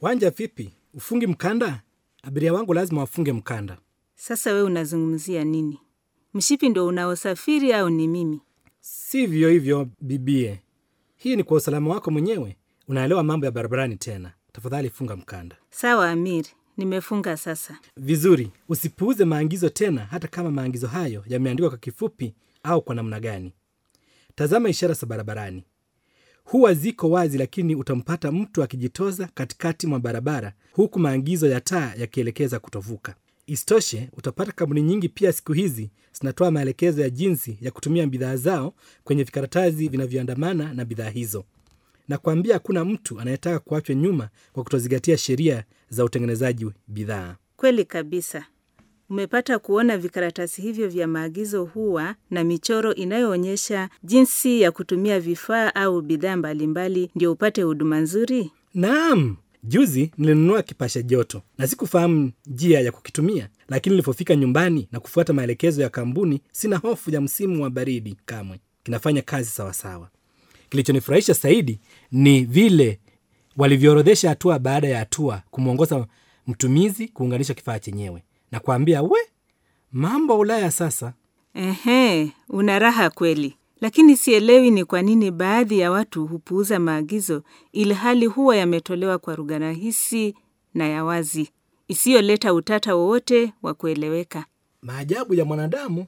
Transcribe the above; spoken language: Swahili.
Wanja vipi? Ufungi mkanda? Abiria wangu lazima wafunge mkanda. Sasa we unazungumzia nini? Mshipi ndo unaosafiri au ni mimi? Sivyo hivyo bibie, hii ni kwa usalama wako mwenyewe. Unaelewa mambo ya barabarani tena. Tafadhali funga mkanda. Sawa amir nimefunga sasa. Vizuri, usipuuze maagizo tena, hata kama maagizo hayo yameandikwa kwa kifupi au kwa namna gani. Tazama ishara za barabarani, huwa ziko wazi, lakini utampata mtu akijitoza katikati mwa barabara, huku maagizo ya taa yakielekeza kutovuka. Isitoshe, utapata kampuni nyingi pia siku hizi zinatoa maelekezo ya jinsi ya kutumia bidhaa zao kwenye vikaratasi vinavyoandamana na bidhaa hizo. Na kuambia hakuna mtu anayetaka kuachwa nyuma kwa kutozingatia sheria za utengenezaji bidhaa. Kweli kabisa. Umepata kuona vikaratasi hivyo vya maagizo huwa na michoro inayoonyesha jinsi ya kutumia vifaa au bidhaa mbalimbali ndio upate huduma nzuri? Naam, juzi nilinunua kipasha joto na sikufahamu njia ya kukitumia, lakini nilipofika nyumbani na kufuata maelekezo ya kampuni, sina hofu ya msimu wa baridi kamwe. Kinafanya kazi sawasawa. Kilichonifurahisha zaidi ni vile walivyoorodhesha hatua baada ya hatua kumwongoza mtumizi kuunganisha kifaa chenyewe na kuambia we, mambo Ulaya sasa. Ehe, una raha kweli, lakini sielewi ni kwa nini baadhi ya watu hupuuza maagizo ili hali huwa yametolewa kwa rugha rahisi na ya wazi isiyoleta utata wowote wa kueleweka. Maajabu ya mwanadamu.